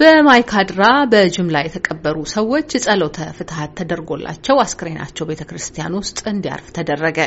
በማይካድራ በጅምላ የተቀበሩ ሰዎች ጸሎተ ፍትሐት ተደርጎላቸው አስክሬናቸው ቤተ ክርስቲያን ውስጥ እንዲያርፍ ተደረገ።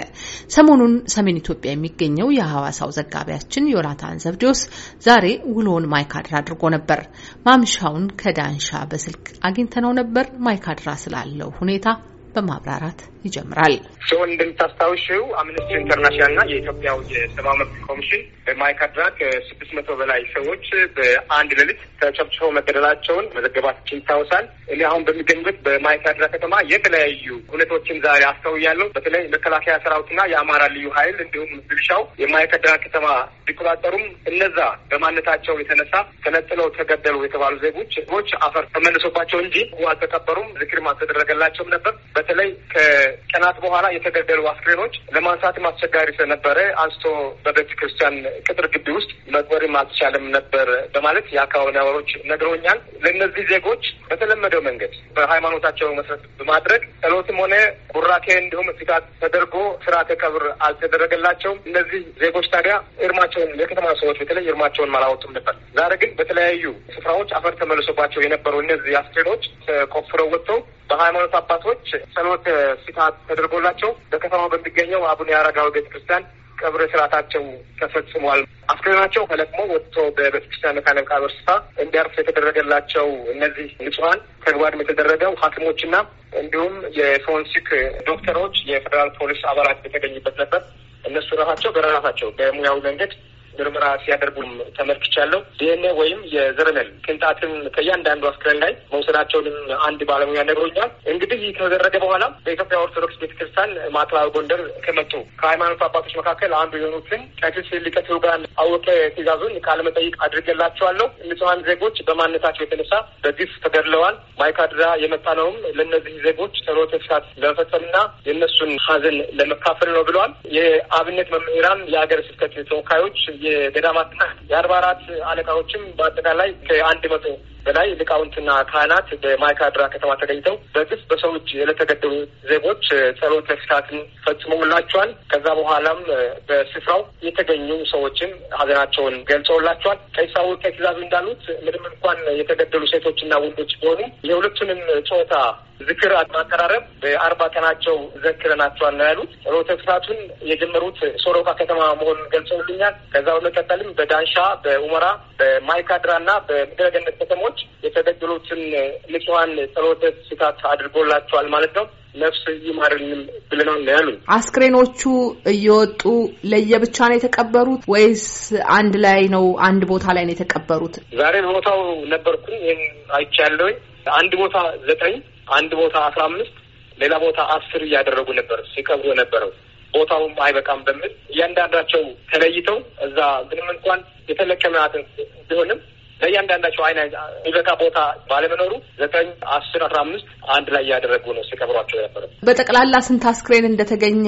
ሰሞኑን ሰሜን ኢትዮጵያ የሚገኘው የሐዋሳው ዘጋቢያችን ዮናታን ዘብዴዎስ ዛሬ ውሎውን ማይካድራ አድርጎ ነበር። ማምሻውን ከዳንሻ በስልክ አግኝተነው ነበር። ማይካድራ ስላለው ሁኔታ በማብራራት ይጀምራል። ሲሆን እንደምታስታውሽው አምነስቲ ኢንተርናሽናልና የኢትዮጵያው የሰብአዊ መብት ኮሚሽን በማይካድራ ከስድስት መቶ በላይ ሰዎች በአንድ ሌሊት ተጨፍጭፈው መገደላቸውን መዘገባችን ይታወሳል። እኔ አሁን በሚገኙበት በማይካድራ ከተማ የተለያዩ ሁኔታዎችን ዛሬ አስተውያለሁ። በተለይ መከላከያ ሰራዊትና የአማራ ልዩ ኃይል እንዲሁም ሚሊሻው የማይካድራ ከተማ ቢቆጣጠሩም እነዛ በማነታቸው የተነሳ ተነጥለው ተገደሉ የተባሉ ዜጎች ህዝቦች አፈር ተመልሶባቸው እንጂ አልተቀበሩም፣ ዝክር አልተደረገላቸውም ነበር። በተለይ ከቀናት በኋላ የተገደሉ አስክሬኖች ለማንሳት አስቸጋሪ ስለነበረ አንስቶ በቤተ ክርስቲያን ቅጥር ግቢ ውስጥ መቅበርም አልተቻለም ነበር በማለት የአካባቢ ነዋሪዎች ነግረውኛል። ለእነዚህ ዜጎች በተለመደው መንገድ በሃይማኖታቸው መሰረት በማድረግ ጸሎትም ሆነ ቡራኬ እንዲሁም ፍትሐት ተደርጎ ስርዓተ ቀብር አልተደረገላቸውም። እነዚህ ዜጎች ታዲያ እርማቸውን የከተማ ሰዎች በተለይ እርማቸውን አላወጡም ነበር። ዛሬ ግን በተለያዩ ስፍራዎች አፈር ተመልሶባቸው የነበሩ እነዚህ አስክሬኖች ተቆፍረው ወጥተው በሃይማኖት አባቶች ጸሎት ፍትሐት ተደርጎላቸው በከተማው በሚገኘው አቡነ አረጋዊ ቤተክርስቲያን ቀብር ስርዓታቸው ተፈጽሟል። አስክሬናቸው ተለቅሞ ወጥቶ በቤተክርስቲያን መካነ መቃብር ስፍራ እንዲያርፍ የተደረገላቸው እነዚህ ንጹሀን ተግባርም የተደረገው ሐኪሞችና እንዲሁም የፎረንሲክ ዶክተሮች፣ የፌዴራል ፖሊስ አባላት የተገኙበት ነበር። እነሱ ራሳቸው በራሳቸው በሙያዊ መንገድ ምርመራ ሲያደርጉም ተመልክቻለሁ። ዲኤንኤ ወይም የዘረመል ቅንጣትን ከእያንዳንዱ አስክሬን ላይ መውሰዳቸውንም አንድ ባለሙያ ነግሮኛል። እንግዲህ ይህ ከተደረገ በኋላ በኢትዮጵያ ኦርቶዶክስ ቤተክርስቲያን ማዕከላዊ ጎንደር ከመጡ ከሃይማኖት አባቶች መካከል አንዱ የሆኑትን ቀሲስ ሊቀ ትጉሃን አወቀ ትእዛዙን ቃለመጠይቅ አድርገላቸዋለሁ ንጹሐን ዜጎች በማንነታቸው የተነሳ በግፍ ተገድለዋል። ማይካድራ የመጣ ነውም ለእነዚህ ዜጎች ጸሎተ ፍትሐት ለመፈጸምና የእነሱን ሀዘን ለመካፈል ነው ብለዋል። የአብነት መምህራን የሀገረ ስብከት ተወካዮች የገዳማትና የአድባራት አለቃዎችም በአጠቃላይ ከአንድ መቶ በላይ ሊቃውንትና ካህናት በማይካድራ ከተማ ተገኝተው በግፍ በሰው እጅ ለተገደሉ ዜጎች ጸሎተ ፍትሐትን ፈጽመውላቸዋል። ከዛ በኋላም በስፍራው የተገኙ ሰዎችም ሀዘናቸውን ገልጸውላቸዋል። ቀይሳው ከትእዛዙ እንዳሉት ምንም እንኳን የተገደሉ ሴቶችና ወንዶች ቢሆኑ የሁለቱንም ጾታ ዝክር ማቀራረብ በአርባ ቀናቸው ዘክረናቸዋል ነው ያሉት። ጸሎተ ፍትሐቱን የጀመሩት ሶሮቃ ከተማ መሆኑን ገልጸውልኛል። ከዛ በመቀጠልም በዳንሻ፣ በኡመራ፣ በማይካድራና በምድረገነት ከተሞች ሰዎች የተገደሉትን ንጹሐን ጸሎተ ስታት አድርጎላቸዋል ማለት ነው። ነፍስ ይማርልም ብለናል ያሉ። አስክሬኖቹ እየወጡ ለየብቻ ነው የተቀበሩት ወይስ አንድ ላይ ነው? አንድ ቦታ ላይ ነው የተቀበሩት? ዛሬ ቦታው ነበርኩኝ። ይህም አይቻለሁኝ። አንድ ቦታ ዘጠኝ፣ አንድ ቦታ አስራ አምስት ሌላ ቦታ አስር እያደረጉ ነበር ሲቀብሩ ነበረው። ቦታውም አይበቃም በሚል እያንዳንዳቸው ተለይተው እዛ ምንም እንኳን የተለቀመ ቢሆንም ለእያንዳንዳቸው አይነ ሚበቃ ቦታ ባለመኖሩ ዘጠኝ አስር አስራ አምስት አንድ ላይ እያደረጉ ነው ሲቀብሯቸው የነበረ። በጠቅላላ ስንት አስክሬን እንደተገኘ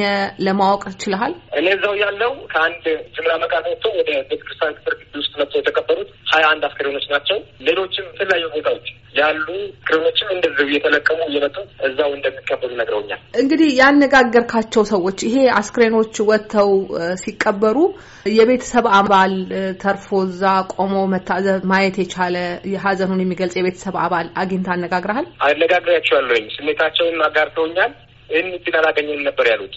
ለማወቅ ችልሃል? እኔ እዛው ያለው ከአንድ ጅምላ መቃብር ወጥቶ ወደ ቤተክርስቲያን ቅጥር ግቢ ውስጥ መጥቶ የተቀበሩት ሀያ አንድ አስክሬኖች ናቸው። ሌሎችም የተለያዩ ቦታዎች ያሉ አስክሬኖችም እንደዚህ እየተለቀሙ እየመጡ እዛው እንደሚቀበሉ ነግረውኛል። እንግዲህ ያነጋገርካቸው ሰዎች ይሄ አስክሬኖች ወጥተው ሲቀበሩ የቤተሰብ አባል ተርፎ እዛ ቆሞ መታዘብ ማየት የቻለ ሀዘኑን የሚገልጽ የቤተሰብ አባል አግኝታ አነጋግረሃል? አነጋግሬያቸዋለሁኝ። ስሜታቸውን አጋርተውኛል። ይህን ግን አላገኘንም ነበር ያሉት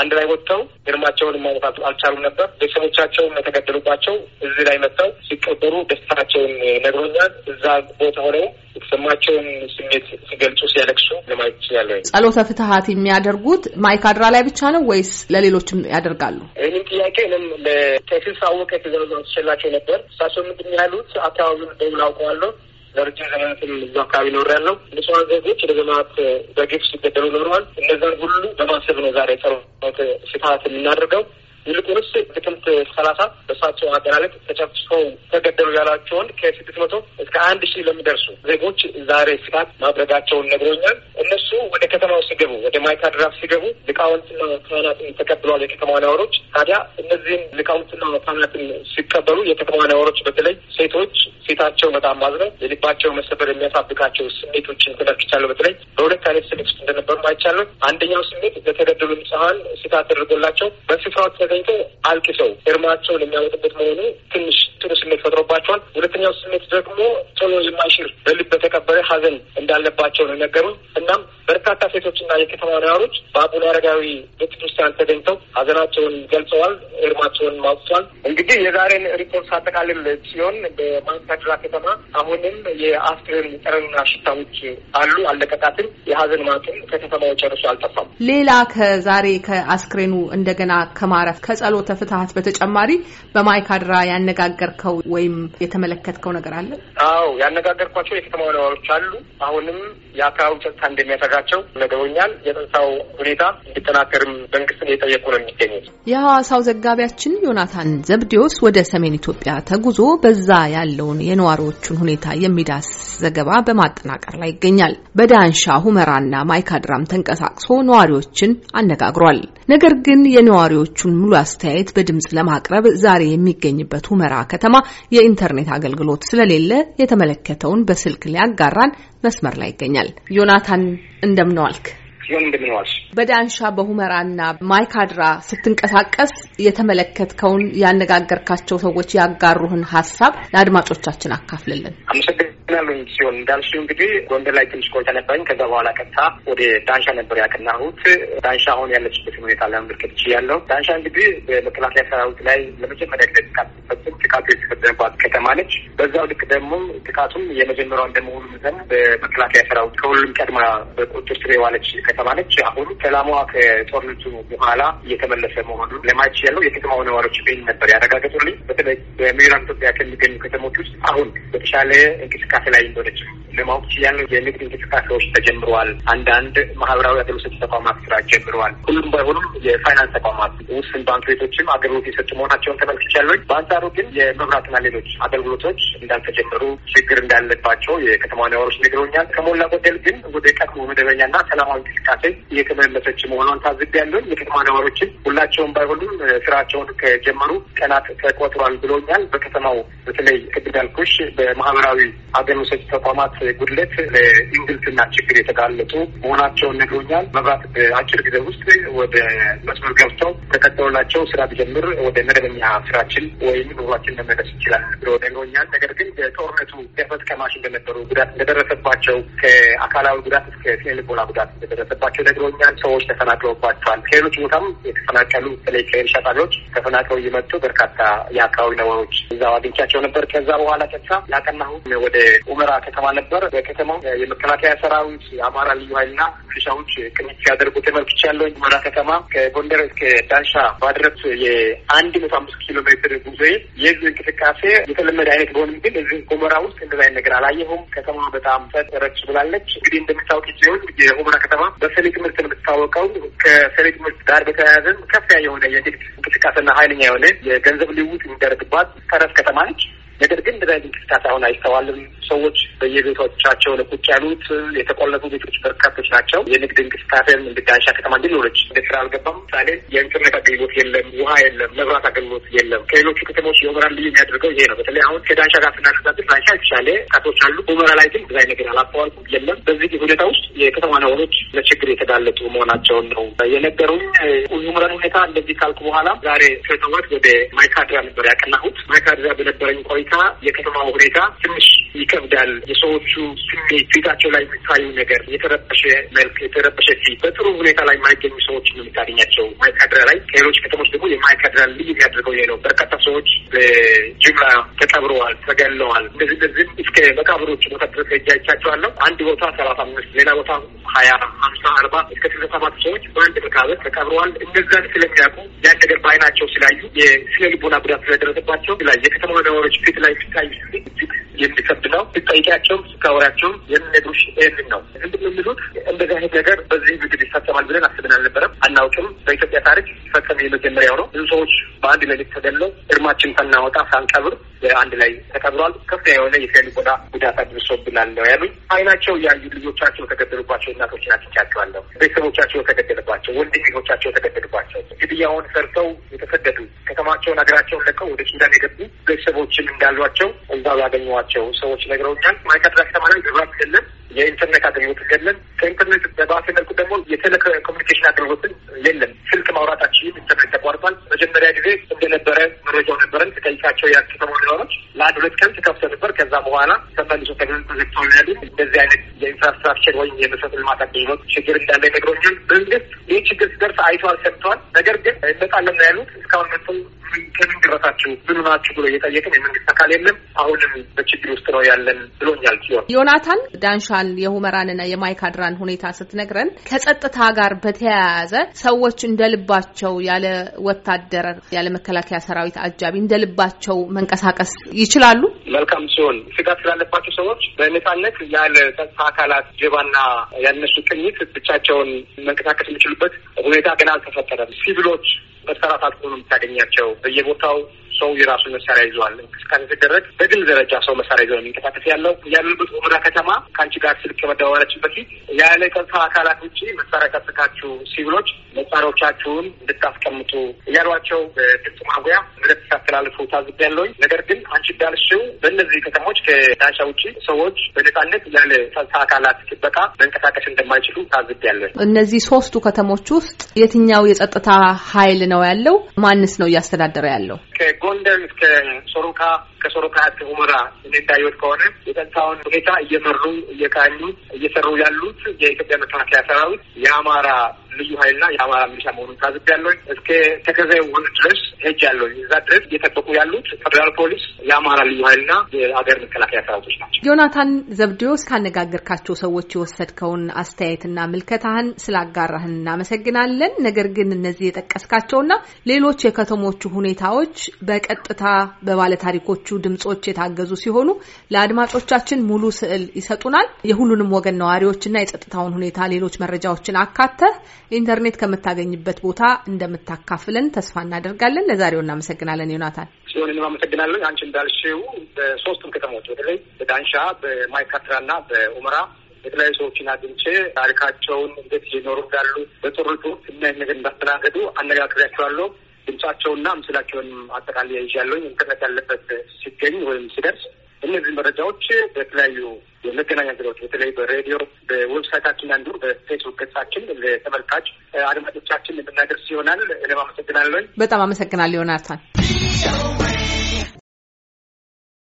አንድ ላይ ወጥተው ግርማቸውን ማውጣት አልቻሉም ነበር። ቤተሰቦቻቸውን የተገደሉባቸው እዚህ ላይ መጥተው ሲቀበሩ ደስታቸውን ነግሮኛል። እዛ ቦታ ሆነው የተሰማቸውን ስሜት ሲገልጹ፣ ሲያለቅሱ ለማየት ይችላለሁ። ጸሎተ ፍትሀት የሚያደርጉት ማይካድራ ላይ ብቻ ነው ወይስ ለሌሎችም ያደርጋሉ? ይህን ጥያቄ ንም ለቴክስ አወቀ የተዘረዘ ተሸላቸው ነበር። እሳቸው ምንድን ያሉት አካባቢውን በውል አውቀዋለሁ ለረጅም ዘመናትም እዛ አካባቢ ኖር ያለው ንጹሃን ዜጎች ለዘመናት በግፍ ሲገደሉ ኖረዋል። እነዛን ሁሉ በማሰብ ነው ዛሬ ጸሎት ስርዓት የምናደርገው። ይልቁንስ ጥቅምት ሰላሳ በእሳቸው አገላለጽ ተጨፍጭፈው ተገደሉ ያሏቸውን ከስድስት መቶ እስከ አንድ ሺህ ለሚደርሱ ዜጎች ዛሬ ስቃት ማድረጋቸውን ነግሮኛል። እነሱ ወደ ከተማው ሲገቡ ወደ ማይካ ድራፍ ሲገቡ ሊቃውንትና ካህናትን ተቀብለዋል የከተማ ነዋሪዎች። ታዲያ እነዚህም ሊቃውንትና ካህናትን ሲቀበሉ የከተማ ነዋሪዎች በተለይ ሴቶች ፊታቸው በጣም ማዝነው የልባቸው መሰበር የሚያሳብቃቸው ስሜቶችን ተመልክቻለሁ። በተለይ በሁለት አይነት ስሜት ውስጥ እንደነበሩ አይቻለሁ። አንደኛው ስሜት ለተገደሉ ንጽሀን ስቃት ተደርጎላቸው በስፍራው ተገኝቶ አልቅሰው እርማቸውን የሚያወጡበት መሆኑ ትንሽ ጥሩ ስሜት ፈጥሮባቸዋል። ሁለተኛው ስሜት ደግሞ ቶሎ የማይሽር በልብ በተቀበረ ሀዘን እንዳለባቸው ነው ነገሩን። እናም በርካታ ሴቶችና የከተማ ነዋሪዎች በአቡነ አረጋዊ ቤተክርስቲያን ተገኝተው ሀዘናቸውን ገልጸዋል፣ እርማቸውን ማውጥቷል። እንግዲህ የዛሬን ሪፖርት ሳጠቃልል ሲሆን በማይካድራ ከተማ አሁንም የአስክሬን ጠረንና ሽታዎች አሉ። አለቀቃትም። የሀዘን ማቅም ከከተማው ጨርሶ አልጠፋም። ሌላ ከዛሬ ከአስክሬኑ እንደገና ከማረፍ ከጸሎተ ፍትሀት በተጨማሪ በማይካድራ ያነጋገርከው ወይም የተመለከትከው ነገር አለ? አዎ ያነጋገርኳቸው የከተማው ነዋሪዎች አሉ። አሁንም የአካባቢው ጸጥታ እንደሚያሰጋ ማድረጋቸው ነግረውኛል። የጸጥታው ሁኔታ እንዲጠናከርም መንግስትን እየጠየቁ ነው የሚገኙት። የሐዋሳው ዘጋቢያችን ዮናታን ዘብዴዎስ ወደ ሰሜን ኢትዮጵያ ተጉዞ በዛ ያለውን የነዋሪዎቹን ሁኔታ የሚዳስ ዘገባ በማጠናቀር ላይ ይገኛል። በዳንሻ ሁመራና ማይካድራም ተንቀሳቅሶ ነዋሪዎችን አነጋግሯል። ነገር ግን የነዋሪዎቹን ሙሉ አስተያየት በድምጽ ለማቅረብ ዛሬ የሚገኝበት ሁመራ ከተማ የኢንተርኔት አገልግሎት ስለሌለ የተመለከተውን በስልክ ሊያጋራን መስመር ላይ ይገኛል። ዮናታን እንደምንዋልክ። በዳንሻ በሁመራና ማይካድራ ስትንቀሳቀስ የተመለከትከውን ያነጋገርካቸው ሰዎች ያጋሩህን ሀሳብ ለአድማጮቻችን አካፍልልን። አመሰግናለሁ። ናሉኝ ሲሆን እንዳልሽ እንግዲህ ጎንደር ላይ ትንሽ ቆይታ ነበረኝ። ከዛ በኋላ ቀጥታ ወደ ዳንሻ ነበር ያቀናሁት። ዳንሻ አሁን ያለችበት ሁኔታ ለመመልከት እችላለሁ። ዳንሻ እንግዲህ በመከላከያ ሰራዊት ላይ ለመጀመሪያ ጊዜ ጥቃት ሲፈጽም ጥቃቱ የተፈጸመባት ከተማ ነች። በዛው ልክ ደግሞ ጥቃቱም የመጀመሪያው እንደመሆኑ መጠን በመከላከያ ሰራዊት ከሁሉም ቀድማ በቁጥጥር ስር የዋለች ከተማ ነች። አሁን ሰላሟ ከጦርነቱ በኋላ እየተመለሰ መሆኑ ለማየት እችላለሁ። የከተማው ነዋሪዎች ይህን ነበር ያረጋገጡልኝ። በተለይ በምዕራብ ኢትዮጵያ ከሚገኙ ከተሞች ውስጥ አሁን በተሻለ እንቅስቃሴ እንቅስቃሴ ላይ እንደሆነች ለማወቅ ችያለሁ። የንግድ እንቅስቃሴዎች ተጀምረዋል። አንዳንድ ማህበራዊ አገልግሎት ተቋማት ስራ ጀምረዋል። ሁሉም ባይሆኑም የፋይናንስ ተቋማት ውስን ባንክ ቤቶችም አገልግሎት የሰጡ መሆናቸውን ተመልክቻለሁ። በአንጻሩ ግን የመብራትና ሌሎች አገልግሎቶች እንዳልተጀመሩ፣ ችግር እንዳለባቸው የከተማ ነዋሪዎች ነግረውኛል። ከሞላ ጎደል ግን ወደ ቀድሞ መደበኛና ሰላማዊ እንቅስቃሴ እየተመለሰች መሆኗን ታዝቤያለሁ። የከተማ ነዋሪዎችን ሁላቸውም ባይሆኑም ስራቸውን ከጀመሩ ቀናት ተቆጥሯል ብሎኛል። በከተማው በተለይ ቅድም ያልኩሽ በማህበራዊ አገር ውሰጅ ተቋማት ጉድለት ለእንግልትና ችግር የተጋለጡ መሆናቸውን ነግሮኛል። መብራት በአጭር ጊዜ ውስጥ ወደ መስመር ገብተው ተቀጥሎላቸው ስራ ቢጀምር ወደ መደበኛ ስራችን ወይም ኑሯችን መመለስ ይችላል ብሎ ነግሮኛል። ነገር ግን በጦርነቱ ገፈት ቀማሽ እንደነበሩ ጉዳት እንደደረሰባቸው ከአካላዊ ጉዳት እስከ ስነልቦና ጉዳት እንደደረሰባቸው ነግሮኛል። ሰዎች ተፈናቅለውባቸዋል። ከሌሎች ቦታም የተፈናቀሉ በተለይ ከእርሻ ጣቢያዎች ተፈናቅለው እየመጡ በርካታ የአካባቢ ነዋሪዎች እዛው አግኝቻቸው ነበር። ከዛ በኋላ ቀጥታ ያቀናሁ ወደ ኡመራ ከተማ ነበር። በከተማው የመከላከያ ሰራዊት፣ የአማራ ልዩ ኃይልና ሚሊሻዎች ቅንጅት ሲያደርጉ ተመልክቻለሁ። ኡመራ ከተማ ከጎንደር እስከ ዳንሻ ባድረስ የአንድ መቶ አምስት ኪሎ ሜትር ጉዞ የህዝብ እንቅስቃሴ የተለመደ አይነት በሆንም ግን እዚህ ኡመራ ውስጥ እንደዚ አይነት ነገር አላየሁም። ከተማ በጣም ፈጠረች ብላለች። እንግዲህ እንደምታወቅ ሲሆን የኡመራ ከተማ በሰሊጥ ምርት የምትታወቀው ከሰሊጥ ምርት ጋር በተያያዘም ከፍያ የሆነ የንግድ እንቅስቃሴና ኃይለኛ የሆነ የገንዘብ ልውውጥ የሚደረግባት ተረፍ ከተማ ነች። ነገር ግን እንደዚህ አይነት እንቅስቃሴ አሁን አይስተዋልም። ሰዎች በየቤቶቻቸው ለቁጭ ያሉት የተቆለፉ ቤቶች በርካቶች ናቸው። የንግድ እንቅስቃሴም እንድዳሻ ከተማ እንዲኖረች ወደ ስራ አልገባም። ምሳሌ የኢንተርኔት አገልግሎት የለም፣ ውሃ የለም፣ መብራት አገልግሎት የለም። ከሌሎቹ ከተሞች የሁመራን ልዩ የሚያደርገው ይሄ ነው። በተለይ አሁን ከዳንሻ ጋር ስናነጻጽር ዳንሻ የተሻለ ካቶች አሉ። ሆመራ ላይ ግን ብዛይ ነገር አላስተዋልኩም፣ የለም። በዚህ ሁኔታ ውስጥ የከተማ ነዋሪዎች ለችግር የተጋለጡ መሆናቸውን ነው የነገሩኝ። ሁመራን ሁኔታ እንደዚህ ካልኩ በኋላ ዛሬ ከተማት ወደ ማይካድራ ነበር ያቀናሁት። ማይካድራ በነበረኝ ቆይ ሁኔታ የከተማው ሁኔታ ትንሽ ይከብዳል። የሰዎቹ ስሜት ፊታቸው ላይ የሚታዩ ነገር የተረበሸ መልክ፣ የተረበሸ ፊት በጥሩ ሁኔታ ላይ የማይገኙ ሰዎች ነው የምታገኛቸው ማይካድራ ላይ። ከሌሎች ከተሞች ደግሞ የማይካድራ ልዩ የሚያደርገው ይሄ ነው። በርካታ ሰዎች በጅምላ ተቀብረዋል፣ ተገለዋል። እንደዚህ እንደዚህም እስከ መቃብሮች ቦታ ድረስ ሄጄ አንድ ቦታ ሰላሳ አምስት ሌላ ቦታ ሀያ ሀምሳ አርባ እስከ ስልሳ ሰባት ሰዎች በአንድ መቃብር ተቀብረዋል። እነዛን ስለሚያውቁ ያን ነገር በአይናቸው ስላዩ የስነ ልቦና ጉዳት ስለደረሰባቸው ላይ የከተማ ነዋሪዎች የትግራይ ክልል የሚከብድ ነው። ስጠይቂያቸውም ስታወራቸውም የሚነግሩሽ ይህንን ነው። ምንድን ነው የሚሉት እንደዚህ አይነት ነገር በዚህ ምግብ ይፈጸማል ብለን አስብን አልነበረም፣ አናውቅም። በኢትዮጵያ ታሪክ ሲፈጸም የመጀመሪያው ነው። ብዙ ሰዎች በአንድ ሌሊት ተገለው እርማችን ሳናወጣ ሳንቀብር አንድ ላይ ተቀብሯል። ከፍተኛ የሆነ የፌል ቆዳ ጉዳት አድርሶብናል ነው ያሉኝ። አይናቸው ያዩ ልጆቻቸው የተገደሉባቸው እናቶች ናትቻቸዋለሁ ቤተሰቦቻቸው የተገደሉባቸው፣ ወንድሞቻቸው የተገደሉባቸው ግድያውን ሰርተው የተሰደዱ ከተማቸውን ሀገራቸውን ለቀው ወደ ሱዳን የገቡ ቤተሰቦችን እንዳሏቸው እዛው ያገኘዋል ያሏቸው ሰዎች ነግረውኛል። ማይካድራ ከተማ ላይ መብራት የለም፣ የኢንተርኔት አገልግሎት የለም። ከኢንተርኔት በባሰ መልኩ ደግሞ የቴሌኮሙኒኬሽን አገልግሎትን የለም። ስልክ ማውራታችን ኢንተርኔት ተቋርጧል። መጀመሪያ ጊዜ እንደነበረ መረጃው ነበረን። ተጠይቃቸው የከተማ ነዋሪዎች ለአንድ ሁለት ቀን ተከፍቶ ነበር። ከዛ በኋላ ተመልሶ ተዘግተው ያሉ እንደዚህ አይነት የኢንፍራስትራክቸር ወይም የመሰረተ ልማት አገልግሎት ችግር እንዳለ ነግረውኛል። መንግስት ይህ ችግር ሲደርስ አይቷል፣ ሰምተዋል። ነገር ግን እንመጣለን ያሉት። እስካሁን መጥቶ ከምን ደረሳችሁ ምን ናችሁ ብሎ እየጠየቅን የመንግስት አካል የለም አሁንም በችግር ውስጥ ነው ያለን ብሎኛል። ሲሆን ዮናታን ዳንሻን የሁመራንና የማይካድራን ሁኔታ ስትነግረን ከጸጥታ ጋር በተያያዘ ሰዎች እንደ ልባቸው ያለ ወታደር ያለ መከላከያ ሰራዊት አጃቢ እንደ ልባቸው መንቀሳቀስ ይችላሉ። መልካም ሲሆን ስጋት ስላለባቸው ሰዎች በነፃነት ያለ ጸጥታ አካላት ጀባና ያነሱ ቅኝት ብቻቸውን መንቀሳቀስ የሚችሉበት ሁኔታ ገና አልተፈጠረም። ሲቪሎች መሰራት አልፎ የምታገኛቸው። በየቦታው ሰው የራሱን መሳሪያ ይዘዋል። እንቅስቃሴ ሲደረግ በግል ደረጃ ሰው መሳሪያ ይዘው የሚንቀሳቀስ ያለው ያሉበት ወረዳ ከተማ ከአንቺ ጋር ስልክ ከመደዋወላችን በፊት ያለ ጸጥታ አካላት ውጭ መሳሪያ ቀጥታችሁ ሲቪሎች መሳሪያዎቻችሁን እንድታስቀምጡ እያሏቸው በድምፅ ማጉያ ምልክት ሲያስተላልፉ ታዝቤያለሁኝ። ነገር ግን አንቺ እንዳልሽው በእነዚህ ከተሞች ከዳሻ ውጭ ሰዎች በነጻነት ያለ ጸጥታ አካላት ጥበቃ መንቀሳቀስ እንደማይችሉ ታዝቤያለሁ። እነዚህ ሶስቱ ከተሞች ውስጥ የትኛው የጸጥታ ኃይል ነው ያለው? ማንስ ነው እያስተዳደረ ያለው? ከጎ ከጎንደር እስከ ሶሮካ ከሶሮ ከሶሮቃት ሁመራ የሚታዩት ከሆነ የጸጥታውን ሁኔታ እየመሩ እየቃኙ እየሰሩ ያሉት የኢትዮጵያ መከላከያ ሰራዊት የአማራ ልዩ ኃይልና የአማራ ሚሊሻ መሆኑን ታዝብ ያለኝ እስከ ተከዘ ወንዝ ድረስ ሄጅ ያለኝ እዛ ድረስ እየጠበቁ ያሉት ፌደራል ፖሊስ የአማራ ልዩ ኃይልና የሀገር መከላከያ ሰራዊቶች ናቸው። ዮናታን ዘብዲዮስ ካነጋገርካቸው ሰዎች የወሰድከውን አስተያየትና ምልከታህን ስላጋራህን እናመሰግናለን። ነገር ግን እነዚህ የጠቀስካቸውና ሌሎች የከተሞቹ ሁኔታዎች በቀጥታ በባለታሪኮቹ ድምጾች የታገዙ ሲሆኑ ለአድማጮቻችን ሙሉ ስዕል ይሰጡናል። የሁሉንም ወገን ነዋሪዎችና የጸጥታውን ሁኔታ፣ ሌሎች መረጃዎችን አካተህ ኢንተርኔት ከምታገኝበት ቦታ እንደምታካፍለን ተስፋ እናደርጋለን። ለዛሬው እናመሰግናለን ዮናታን። ሲሆን አመሰግናለሁ። አንቺ እንዳልሽው በሶስቱም ከተሞች በተለይ በዳንሻ በማይካድራና በኡመራ የተለያዩ ሰዎችን አግኝቼ ታሪካቸውን እንዴት እየኖሩ እንዳሉ በጦርነቱ እና ነገር እንዳስተናገዱ አነጋግሬያቸዋለሁ። ድምጻቸውና ምስላቸውን አጠቃላይ ይዣለሁ። ኢንተርኔት ያለበት ሲገኝ ወይም ሲደርስ እነዚህ መረጃዎች በተለያዩ የመገናኛ ዘዴዎች በተለይ በሬዲዮ፣ በዌብሳይታችን አንዱ በፌስቡክ ገጻችን ለተመልካች አድማጮቻችን የምናደርስ ይሆናል። እኔም አመሰግናለሁ። በጣም አመሰግናለሁ ዮናታን።